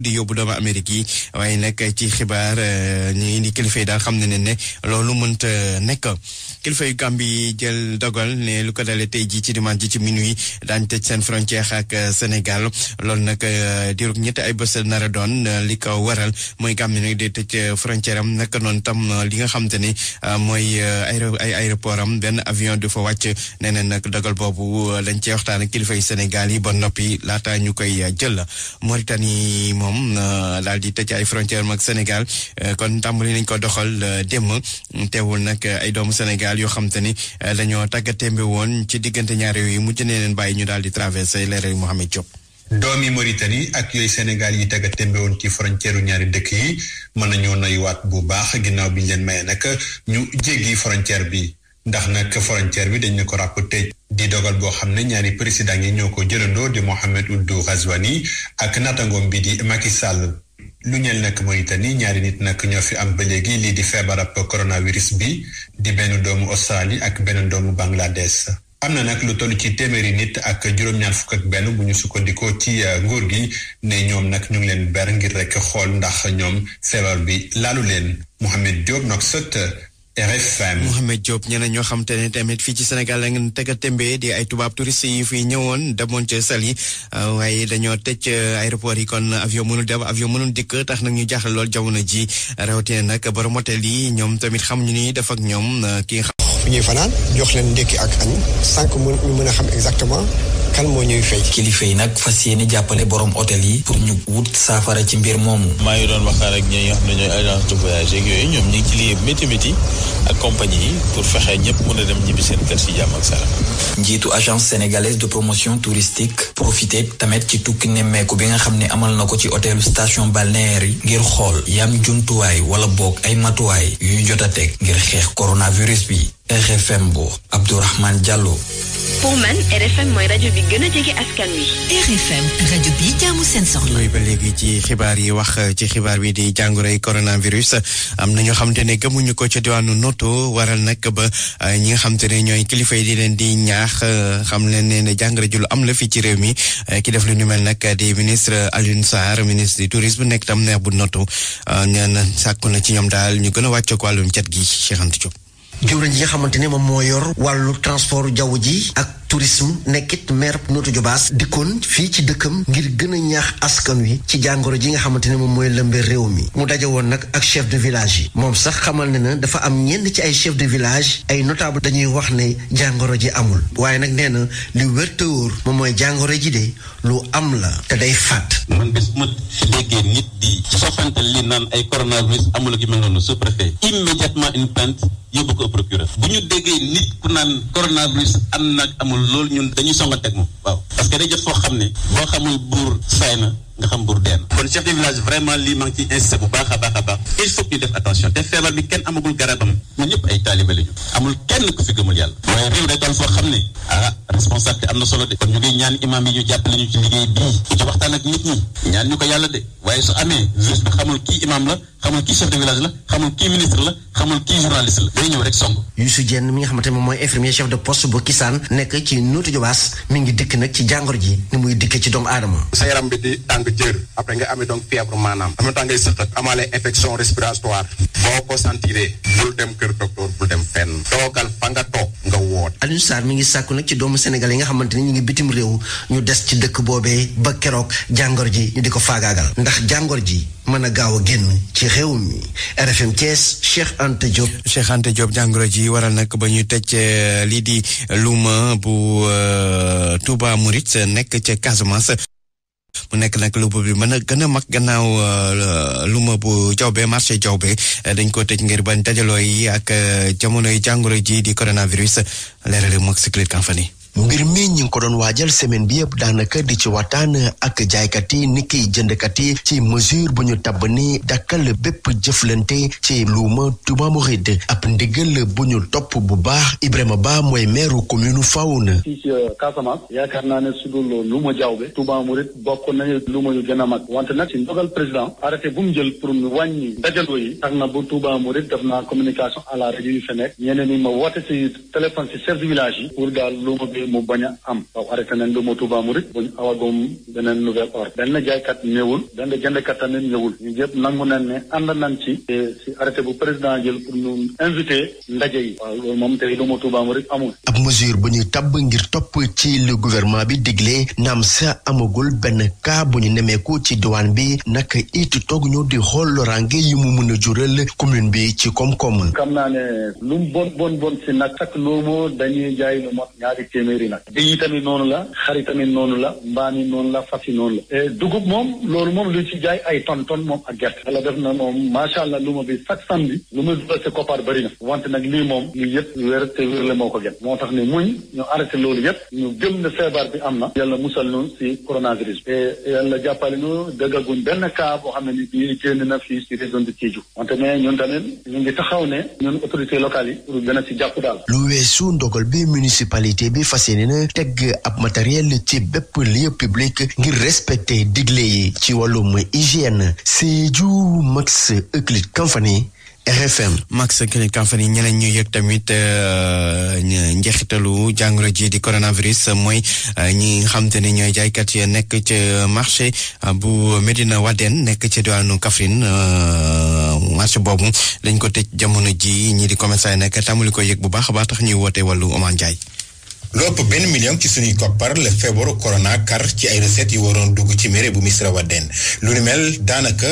di yóbbu doomu Amérique yi waaye nag ci xibaar euh, ñu indi kilifa yi daal xam ne ne loolu mënta nekk kilifa yu Gàmbi yi jël dogal ne lu ko dalee tey jii ci dimanche ji ci minuit daañu tëj seen frontière ak euh, Sénégal loolu nag euh, diirug ñetti ay bés nar a doon li ko waral mooy Gàmbi nag di tëj frontière am naka noonu tam li nga xam te ne mooy ay aéroport am benn avion du fa wàcc nee na nag dogal boobu dañ cee waxtaan kilifa yu Sénégal yi ba noppi laata ñu koy jël Mauritanie moom euh, daal di tëj ay frontière mag Sénégal euh, kon tàmbali nañ ko doxal euh, dem teewul nag ay doomu Sénégal yoo xam te ni dañoo tàggatémbe woon ci diggante ñaar yooyu mujj ne leen bàyyi ñu daal di traversé leeral Mouhamed Diop. doomi Mauritanie ak yooyu Sénégal yi teg a woon ci frontière ñaari dëkk yi mën nañoo noyyiwaat bu baax ginnaaw bi ñu leen maye nag ñu jéggi frontière bi ndax nag frontière bi dañ ne ko ràpp tëj. di dogal boo xam ne ñaari président yi ñoo ko jëlandoo di Mohamed Ould Ghazouani ak naataangoom bi di Macky Sall. lu ñeel nag Mauritanie ñaari nit nag ñoo fi am ba léegi lii di feebarab coronavirus bi di benn doomu Australie ak benn doomu Bangladesh. am na nag lu toll ci téeméeri nit ak juróom fukk ak benn bu ñu sukkandikoo ci euh, nguur gi ne ñoom nag ñu ngi leen ber ngir rek xool ndax ñoom feebar bi laalu leen Mohamed Diop nag sët RFM Mouhamed Diop ñeneen ñoo xam te ne tamit fii ci Sénégal la ngeen tega tembe di ay tubaab touriste yi fi ñëwoon demoon ca Saly euh, waaye dañoo tëj euh, aéroport yi kon avion mënul dem avion mënul dikk tax nag ñu jaaxle lool jamono ji rawatina nag borom hôtel yi ñoom tamit xam ñu ni def ak ñoom euh, ki xam. fu ñuy fanaan jox leen ndékki ak añ sànq ñu mën a xam exactement. kan moo ñuy fay. kilifa yi nag fas yéene jàppale borom hôtel yi pour ñu wut saafara ci mbir moomu. maa ngi doon waxtaan ak ñi nga xam ne ñooy agence de yooyu ñoom ñu ngi ci liggéey métti métti ak compagnie yi pour fexe ñëpp mën a dem ñibbi seen kër si jàmm njiitu agence sénégalaise de promotion touristique profité tamit ci tukki nemmeeku bi nga xam ne amal na ko ci hôtelu station balnéaire yi ngir xool yam jumtuwaay wala boog ay matuwaay yu ñu jot a teg ngir xeex coronavirus bi. RFM bo Abdourahmane Diallo. pour man RFM mooy rajo bi gën jege askan wi. RFM rajo bi jaamu seen soxla. mooy ba léegi ci xibaar yi wax ci xibaar bi di jàngoroy coronavirus am na ñoo xamante ne gëmuñu ko ca diwaanu Noto waral nag ba ñi nga xamante ne ñooy kilifa yi di leen di ñaax xam ne ne jàngoro ju lu am la fii ci réew mi ki def lu ñu mel nag di ministre Alioune Sarr ministre du tourisme nekk tam neex bu Noto nee na sàkku na ci ñoom daal ñu gën a wàcc ko cet gi Cheikh jëwriñ ji nga xamante ne moom moo yor wàllu transport jaww ji ak tourisme nekkit maire Nootu Jobaas dikkoon fii ci dëkkam ngir gën a ñaax askan wi ci jàngoro ji nga xamante ne moom mooy lëmbe réew mi mu daje woon nag ak chef de village yi moom sax xamal ne na dafa am ñenn ci ay chef de village ay notable dañuy wax ne jàngoro ji amul waaye nag nee na li wér te moom mooy jàngoro ji de lu am la te day fàtt. man bis ma déggee nit di soxantal li naan ay coronavirus amul ak yu mel noonu sous-préfet immédiatement une na amul. loolu loolu ñun dañuy songante ak moom waaw parce que jot foo xam ne boo xamul buur saay na nga xam buur dee na kon chef de village vraiment lii maa ngi st insisté bu baax a baax a baax il faut ñu def attention te feebar bi kenn amagul garabam ñun ñëpp ay taalibe lañu amul kenn ku fi gëmul yàlla waaye réew day toll foo xam ne ah responsabilité am na solo de kon ñu ngi ñaan imam yi ñu jàppale ñu ci liggéey bii ci waxtaan ak nit ñi ñaan ñu ko yàlla de waaye su amee juge xamul kii imam la xamul kii chef de village la xamul kii ministre la xamul kii journaliste la day ñëw rek song Youssou Dieng mi nga xamante moom mooy infirmier chef de poste bu Kisaan nekk ci Noutou Diobass mi ngi dikk nag ci jàngor ji ni muy dikkee ci doomu aadama sa yaram bi di tàng jër après nga amee donc fièvre maanaam en même temps ngay sëqat amaale infection respiratoire boo ko sentiree Alioune Sarr mi ngi sàkku nag ci doomu Sénégal yi nga xamante ni ñu ngi bitim réew ñu des ci dëkk boobee ba keroog jàngor ji ñu di ko faagaagal ndax jàngor ji mën a gaaw a génn ci réew mi RFM Thiès Cheikh Anta Diop. Cheikh Anta Diop jàngoro ji waral nag ba ñu tëj eh, lii di luuma bu eh, Touba Mouride nekk ca Casamance. mu nekk nag lu bi mën a gën a mag gannaaw euh, ma bu jawbe marché jawbe dañ ko tëj ngir bañ dajaloo yi ak euh, jamonoy jàngoro ji di coronavirus leerale mook siklit kamfani ngir mi ñi ngi ko doon waajal semaine bi yëpp daanaka di ci waxtaan ak jaaykat yi ni kiy jëndkat yi ci mesure bu ñu tabb ni dakkal bépp jëflante ci luuma Touba Mouride ab ndigal bu ñu topp bu baax Ibrahima Ba mooy meeru commune Faouna. fii ci euh, Casamance yaakaar naa ne su dul luuma Diaobé Touba Mouride bokk nañu luuma yu gën a mag wante nag ci ndogal président arrêté bu mu jël pour ñu wàññi dajaloo yi tax na bu Touba Mouride def naa communication à la rajo yu fa nekk ñeneen ñi ma woote ci téléphone ci chef de village yi mu bañ a am waaw arrêté nañ lu motu ba murit buñ awagum beneen nouvelle ordre benn jaaykat ñëwul benn jëndkat tamit ñëwul ñu yëpp nangu nañ ne ànd nañ ci si arrêté bu président jël pour ñu invité ndaje yi waaw loolu moom tey lu motu ba murit amul ab mesure bu ñuy ngir topp ci lu gouvernement bi digle naam sa amagul benn ka bu ñu nemeeku ci diwaan bi naka it toog ñoo di xool loraange yi mu mën a jural commune bi ci koom-koom xam naa ne lu bon bon téeméeri nag béy yi tamit noonu la xar yi tamit noonu la mbaam yi noonu la fas yi noonu la dugub moom loolu moom lu ci jaay ay ton ton moom ak gerte yàlla def na moom macha allah lu ma bi chaque samedi lu ma versé koppar bëri na wante nag lii moom lii yëpp wér te wér la moo ko gën moo tax ne muñ ñu arrêté loolu yëpp ñu gëm ne feebar bi am na yàlla musal ñu si coronavirus te yàlla jàppale ñu dëggaguñ benn cas boo xam ne ni bii génn na fii si région de Sédhiou a fas yéene teg ab matériel ci bépp lieu public ngir respecter digle yi ci wàllum hygiène Sédhiou Max Euclid Company RFM Max Euclid Company ñeneen ñu yëg tamit euh, njeexitalu jàngoro ji di coronavirus mooy euh, ñi xam te ne ñooy jaaykat yi nekk ci marché euh, bu Medina Wadène nekk ci diwaanu Kaffrine marché boobu dañ ko tëj jamono ji ñi di commerçant yi nekk tàmbali ko yëg bu baax baa baax tax ñuy woote wàllu Oman Ndiaye lu ëpp benn million ci suñuy koppar la feebaru corona kar ci ay recettes yu waroon dugg ci mairie bu Missirah Wadène lu ni mel daanaka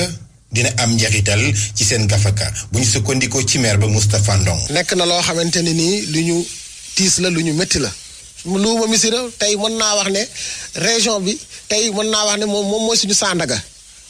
dina am njaxital ci seen gafaka bu ñu sukkandikoo ci maire ba Moustapha Ndong. nekk na loo xamante ne nii lu ñu tiis la lu ñu métti la. luuma Missirah tey mën naa wax ne région bi tey mën naa wax ne moom moom mooy suñu Sandaga.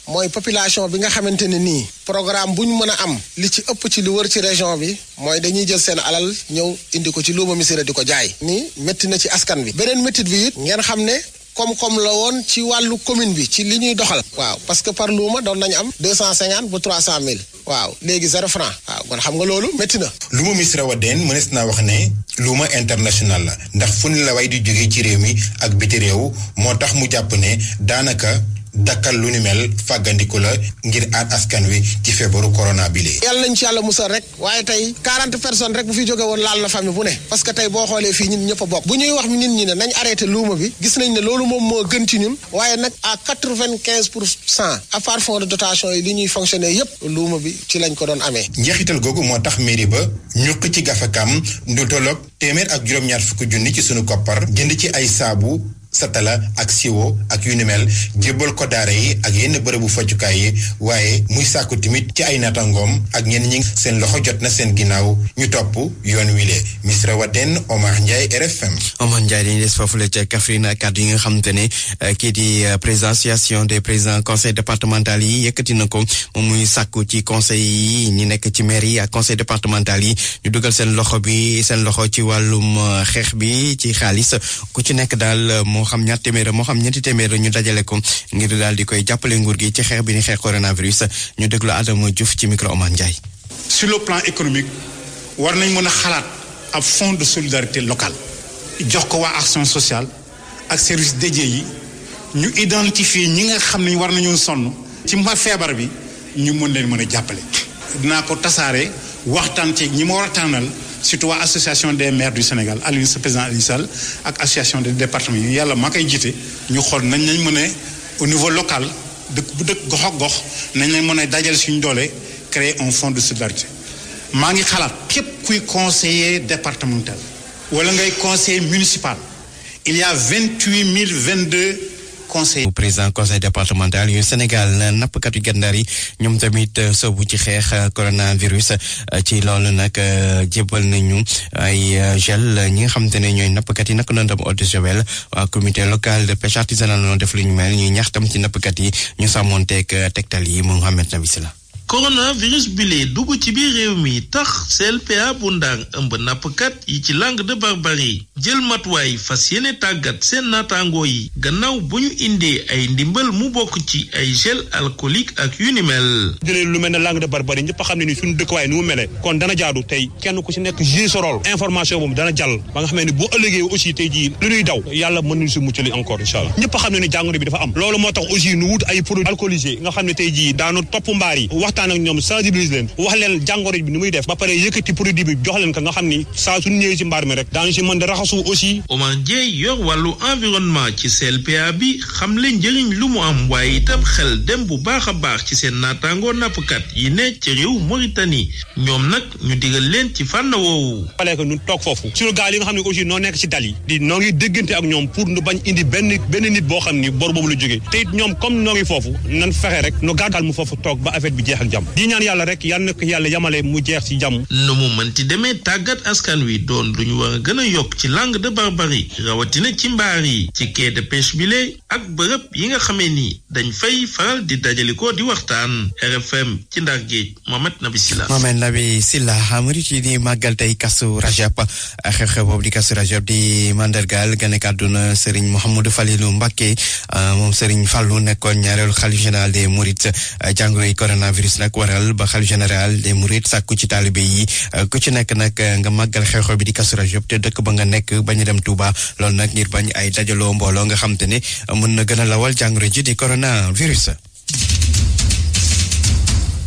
mooy population bi nga xamante ne nii programme bu ñu mën a am li ci ëpp ci lu wër ci région bi mooy dañuy jël seen alal ñëw indi ko ci luuma misira di ko jaay ni métti na ci askan bi beneen métit bi it ngeen xam ne koom-koom la woon ci wàllu commune bi ci li ñuy doxal waaw parce que par luuma doon nañu am deux cent cinquante ba trois cent mille waaw léegi zéro franc waaw xam nga loolu métti na luuma misira Wadeen mënees naa wax ne luuma international la ndax fu la way di jógee ci réew mi ak biti réew moo tax mu jàpp ne daanaka dakkal lu ñu mel fàggandiku la ngir aat askan wi ci feebaru corona bi lee yàlla nañ ci yàlla musal rek waaye tey quarante personne rek bu fi jóge woon laal na famille bu ne parce que tey boo xoolee fii ñun ñëpp a bokk bu ñuy wax nit ñi ne nañ arrêté luuma bi gis nañ ne loolu moom moo gën ci ñun waaye nag à quatre vingt quinze pour cent à part fonds dotation yi li ñuy fonctionner yépp luuma bi ci lañ ko doon amee njeexital googu moo tax mairie ba ñuq ci gafakam du tolloog téeméer ak juróom fukki junni ci sunu koppar jënd ci ay saabu satala ak siwo ak yu ni mel jébbal ko daara yi ak yenn bërëbu fajukaay yi waaye muy sàkku tamit ci ay natangoom ak ñenn ñi seen loxo jot na seen ginnaaw ñu topp yoon wi le Misra Wadène Omar Ndiaye RFM. Omar Ndiaye dañuy des foofule ca Kaffrine ak kàddu yi nga xamante ne eh, kii di eh, président association des présidents conseil départemental yi yëkkati na ko moom muy sàkku ci conseil yi ñi nekk ci maire yi ak conseil départemental yi ñu dugal seen loxo bi seen loxo ci wàllum eh, xeex bi ci xaalis xam ñaar téeméer moo xam ñetti téeméer ñu dajale ko ngir daal di koy jàppale nguur gi ci xeex bi ni xeex coronavirus ñu déglu Adama Diouf ci micro Oman Ndiaye. su le plan économique war nañ mën a xalaat ab fonds de solidarité locale. jox ko waa action sociale ak service dédié yi ñu identifier ñi nga xam ne war nañoo sonn. ci ma feebar bi ñu mën leen mën a jàppale. dinaa ko tasaare waxtaan ci ñi ma war surtout waa association des maires du Sénégal Aliou sa président Aliou Sall ak association des départements yi yàlla maa koy jiite ñu xool nañ lañ mën a au niveau local dëkk bu dëkk gox ak gox nañ lañ mën a dajale suñu doole créer un fonds de solidarité maa ngi xalaat képp kuy conseiller départemental wala ngay conseiller municipal il y mille vingt deux conseil président conseil départemental yu Sénégal nappkat yu gànnaar yi ñoom tamit euh, soobu ci xeex euh, coronavirus euh, ci loolu nag jébbal nañu ay gel ñi nga xam te ne ñooy nappkat yi naka noonu tam eau de javel waa comité local de pêche artisanale noonu def lu ñu mel ñuy ñax tam ci nappkat yi ñu sàmmoonteeg tegtal yi Mouhamed Nabissi la coronavirus bi lee dugg ci biir réew mi tax CLPA bu Ndar ëmb nappkat yi ci Langue de Barbarie jël matuwaay fas yéene tàggat seen naataangoo yi gannaaw bu ñu indee ay ndimbal mu bokk ci ay gel alcoolique ak yu ni mel. jëlee lu mel ne Langue de Barbarie ñëpp xam ne ni suñu dëkkuwaay ni mu mele kon dana jaadu tey kenn ku ci nekk ji sa rôle information boobu dana jàll ba nga xam ne bu ëllëgee aussi tey jii lu ñuy daw yàlla mën nañu si muccali encore incha allah ñëpp xam ne am loolu tey jii daanu topp waxtaan ak ñoom sensibiliser leen wax leen jàngoro bi ni muy def ba pare yëkkati produit bi jox leen ko nga xam ni saa suñ ñëwee ci mbaar mi rek daañu si mën di raxasu aussi Oumar Ndiaye yor wàllu environnement ci CLPA bi xam le njëriñ lu mu am waaye itam xel dem bu baax a baax ci seen naataangoo nappkat yi ne ci réew Mauritanie ñoom nag ñu digal leen ci fànn woowu falee gaal yi nga xam ne aussi noo nekk ci dal yi di noo ngi déggante ak ñoom pour nu bañ indi boo xam la jógee te it ñoom comme noo ngi bi jeex doon jàmm di ñaan yàlla rek yal na yàlla yamale mu jeex ci jàmm. nu mu mënti demee tàggat askan wi doon lu ñu war a gën a yokk ci langue de barbarie rawatina ci mbaar yi ci quai de pêche bi le ak bërëb yi nga xamee ni dañ fay faral di dajale ko di waxtaan RFM ci Ndar Géej Mohamed Nabi Silla. Mohamed Nabi Silla amari ci di màggal tey Kazu Rajab xew-xew boobu di Kazu Rajab di mandargaal gane kàdduna Serigne Mouhamadou Falilou Mbacké moom Serigne lu nekkoon ñaareelu xalif général des Mourides jàngoro yi coronavirus nag waral ba xal général des mourides sàkku ci taalibe yi euh, ku ci nekk nag euh, nga màggal xew-xew bi di Kazu Rajab te dëkk ba nga nekk bañ a dem Touba loolu nag ngir bañ ay dajaloo mbooloo nga xam te ne euh, mën na gën a lawal jàngoro ji di coronavirus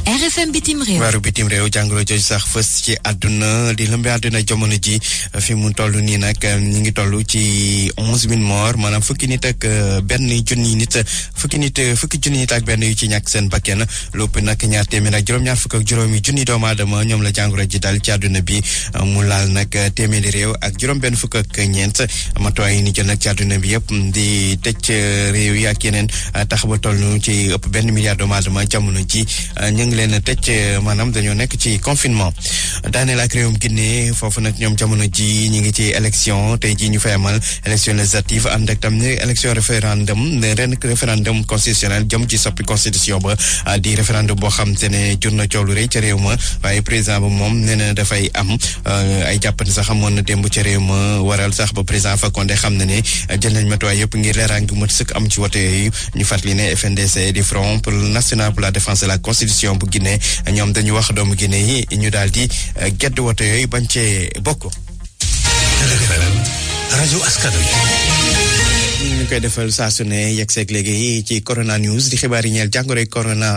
RFM bitim réew. waaru bitim réew jàngoro jooju sax fës ci àdduna di lëmbe àdduna jamono ji fi mu toll nii nag ñu ngi toll ci onze mille morts maanaam fukki nit ak euh, benn junni nit fukki nit euh, fukki junni nit ak benn yu ci ñàkk seen bakkan lépp nag ñaar téeméer ak juróom-ñaar fukk ak juróomi junni doomu aadama ñoom la jàngoro ji daal ci àdduna bi mu laal nag euh, téeméeri réew ak juróom-benn fukk ak ñeent matuwaay yi ni jël nag ci àdduna bi yëpp di tëj réew yi ak yeneen tax ba toll ci ëpp benn milliard doomu aadama jamono ji leen tëj maanaam dañoo nekk ci confinement daane la ak réewum Guinée foofu nag ñoom jamono ji ñu ngi ci élection tey ji ñu fay amal élection législative ànd ak tam élection référendum ren référendum constitutionnel jëm ci soppi constitution ba ah, di référendum boo xam te ne jur na coow lu rëy ca réew ma waaye président ba moom nee na dafay am ah, ay jàppante sax amoon na démb ca ma waral sax ba président Fakonde xam na ne jël nañ matuwaay yëpp ngir leeraan gi mat sëkk am ci wote ñu fàttali ne FNDC di Front national pour la défense de la constitution bu Guinée ñoom dañu wax doomu Guinée yi ñu daal di eh, gedd woto yooyu bañ cee bokk. rajo askan ñu koy defal saa su ne léegi seeg ci corona news di xibaar yi ñeel jàngoroy corona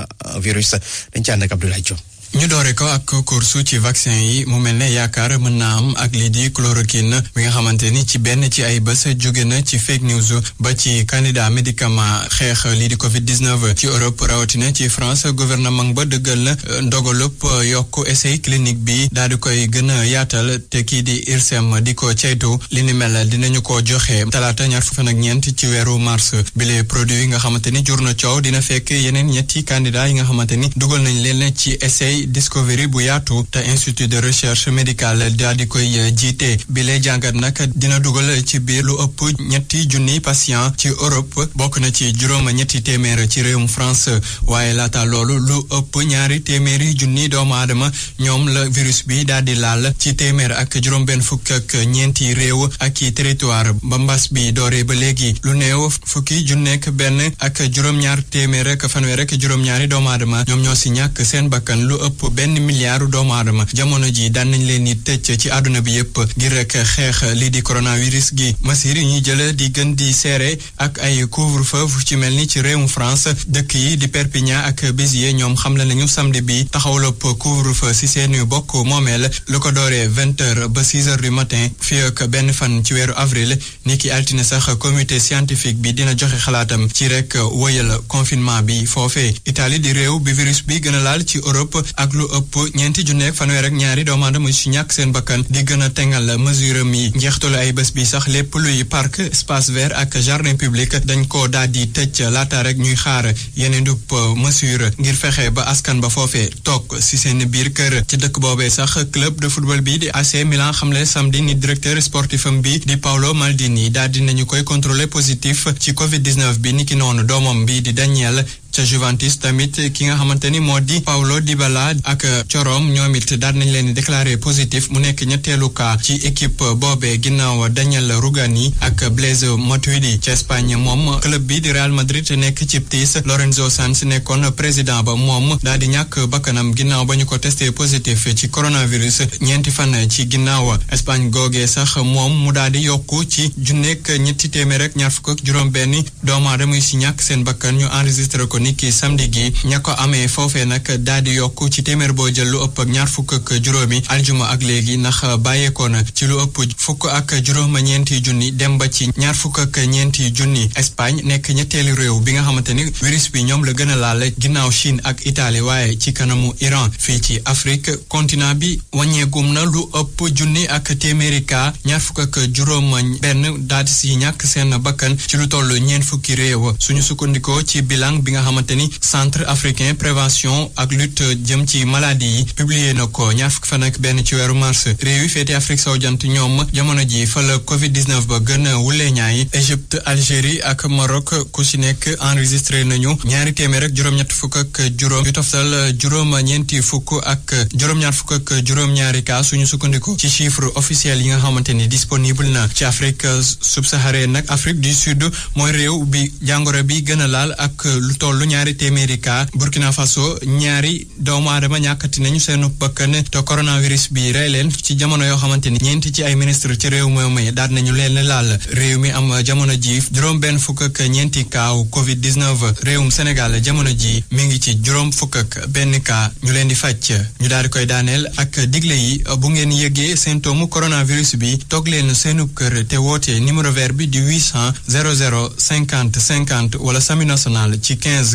virus dañ ci ànd ak Abdoulaye Diop ñu doore ko ak course ci vaccin yi mu mel ne yaakaar mën naa am ak lii di chloroquine bi nga xamante ni ci benn ci ay bés jóge na ci fake news ba ci candidat médicament xeex lii di Covid 19 ci Europe rawatina ci France gouvernement ba dëggal euh, ndogalup euh, yokk essai clinique bi daal di koy gën a yaatal te kii di IRSEM di ko ceytu li ni mel dinañu ko joxe talaata ñaar fukk ak ñeent ci weeru mars bi les produits yi nga xamante ni jur na coow dina fekk yeneen ñetti candidat yi nga xamante ni dugal nañ leen ci essai bi discovery bu yaatu te institut de recherche médicale daal di koy eh, jiite bi lay jàngat nag dina dugal ci biir lu ëpp ñetti junniy patient ci Europe bokk na ci juróom ñetti téeméer ci réewum France waaye laata loolu lu ëpp ñaari téeméeri junniy doomu aadama ñoom la virus bi daal di laal ci téeméer ak juróom benn fukk ñeenti réew ak i territoire ba mbas bi dooree ba léegi lu néew fukki junneek benn ak juróom-ñaar téeméer ak fanweer ak juróom-ñaari doomu aadama ñoom ñoo si ñàkk seen bakkan lu ëpp benn milliard doomu aadama jamono ji daan nañ leen di tëcc ci àdduna bi yépp ngir rek xeex lii di coronavirus gi masir yi ñuy jële di gën di seere ak ay couvre-feu ci mel ni ci réewum France dëkk yi di Perpignan ak Béziers ñoom xam la nañu samedi bi taxawlop couvre-feu ci seeni bokk moomeel lu ko dooree vingt heures ba six heures du matin fii benn fan ci weeru avril ni ki altine sax comité scientifique bi dina joxe xalaatam ci rek wëyal confinement bi foofee Italie di réew bi virus bi gën laal ci Europe ak lu ëpp ñeenti junneeg fanweer ak ñaari doomu aadama ci ñàkk seen bakkan di gën a tengal mesure mi njeextalu ay bés bi sax lépp luy parc space vert ak jardin public dañ ko daal di tëj laata rek ñuy xaar yeneen dupp mesure ngir fexe ba askan ba foofee toog ci seen biir kër ci dëkk boobee sax club de football bi di AC Milan xamle samedi ni directeur sportif bi di Paolo Maldini daal di nañu koy contrôler positif ci Covid 19 bi niki noonu doomam bi di Daniel. ca Juventus tamit ki nga xamante ni moo di Paulo Dybala ak Corom ñoom it daal nañ leen déclaré positif mu nekk ñetteelu cas ci équipe boobee ginnaaw Daniel Rugani ak Blaise Matuidi ca Espagne moom club bi di Real Madrid nekk ci tiis Lorenzo Sanz nekkoon président ba moom daal di ñàkk bakkanam ginnaaw ba ñu ko testé positif ci coronavirus ñeenti fan ci ginnaaw Espagne googee sax moom mu daal di yokk ci junneeg ñetti téeméer ak ñaar fukk ak juróom-benn doomu aadama yi si niki samedi gi ña ko amee foofee nag daal di yokk ci téeméer boo jël lu ëpp ak ñaar fukk ak juróomi aljuma ak léegi nax bàyyeekoo na ci lu ëpp fukk ak juróom ñeenti junni dem ba ci ñaar fukk ak ñeenti junni Espagne nekk ñetteelu réew bi nga xamante ni virus bi ñoom la gën a laal ginnaaw Chine ak itali waaye ci kanamu Iran fii ci Afrique continent bi wàññeegum na lu ëpp junni ak téeméeri cas ñaar fukk ak juróom benn daal di si ñàkk seen bakkan ci lu toll fukki réew suñu sukkandikoo ci bilan bi nga xam xamante ni centre africain prévention ak lutte jëm ci maladie yi publié na ko ñaar fukki fan ak benn ci weeru mars réew yi féete Afrique sowu jant ñoom jamono ji fa la Covid 19 ba gën a wulee ñaay Égypte Algérie ak Maroc ku si nekk enregistré nañu ñaari téeméer ak juróom-ñett fukk ak juróom yu toftal ñeenti fukk ak juróom-ñaar fukk ak ñaari cas suñu sukkandiku ci chiffre officiel yi nga xamante ni disponible na ci Afrique subsaharienne nag Afrique du Sud mooy réew bi jàngoro bi gën laal ak lu toll ñaari téeméeri cas Burkina Faso ñaari doomu aadama ñàkkati nañu seenu bakkan te coronavirus bi rey leen ci jamono yoo xamante ni ñeenti ci ay ministre ci réew moom mi daal nañu leen laal réew mi am jamono ji juróom-benn fukk ñeenti kaaw Covid 19 réewum Sénégal jamono ji mi ngi ci juróom fukk benn kaa ñu leen di fàcc ñu daal di koy daaneel ak digle yi bu ngeen yëgee symptôme coronavirus bi toog leen seenu kër te woote numéro vert bi di 800 00 50 50 wala sami national ci 15.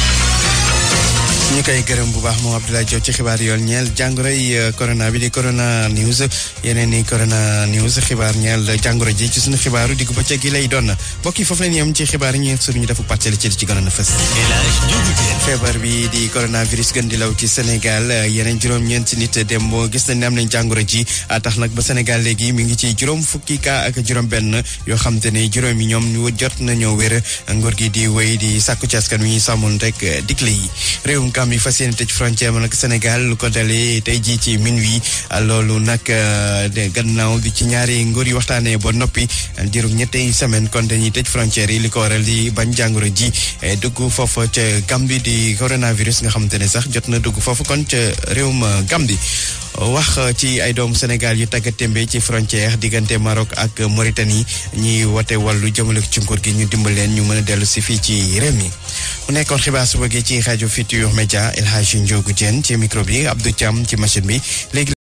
ñu koy gërëm bu baax moom Abdoulaye Diop ci xibaar yool ñeel jàngoro yi euh, corona bi di corona news yeneen i corona news xibaar ñeel jàngoro ji ci suñu xibaaru digg bëccëg gi lay doon mbokk yi foofu la ñuy yem ci xibaar yi ñu feebar bi di coronavirus gën di law ci Sénégal euh, yeneen juróom-ñeent nit dem gis nañ ne am nañ jàngoro ji euh, tax nag ba Sénégal léegi mi ngi ci juróom fukki cas juróom-benn yoo xam te juróom yi ñoom ñu jot nañoo wér nguur gi di wéy di sàkku ci askan wi sàmmoon rek digle yi réewum Gambie mi fas yéene tëj frontière nag Sénégal lu ko dalee tey jii ci minuit loolu nag euh, gannaaw bi ci ñaari nguur yi waxtaanee ba noppi diirum ñetti semaine kon dañuy tëj frontière yi li ko waral di bañ jàngoro ji eh, dugg foofu ca Gambie di coronavirus nga xamante ne sax jot na dugg foofu kon ca réewum Gambie wax ci ay doomu Sénégal yu tàggatémbe ci frontière diggante Maroc ak Mauritanie ñuy woote wallu jëmale ci gi ñu dimbal leen ñu mën a dellu si fii ci réew mi. mu nekkoon xibaar suba gi ci rajo Futurs Médias El Hadji Ndiogou Diène ci micro bi Abdou Thiam ci machine bi léegi.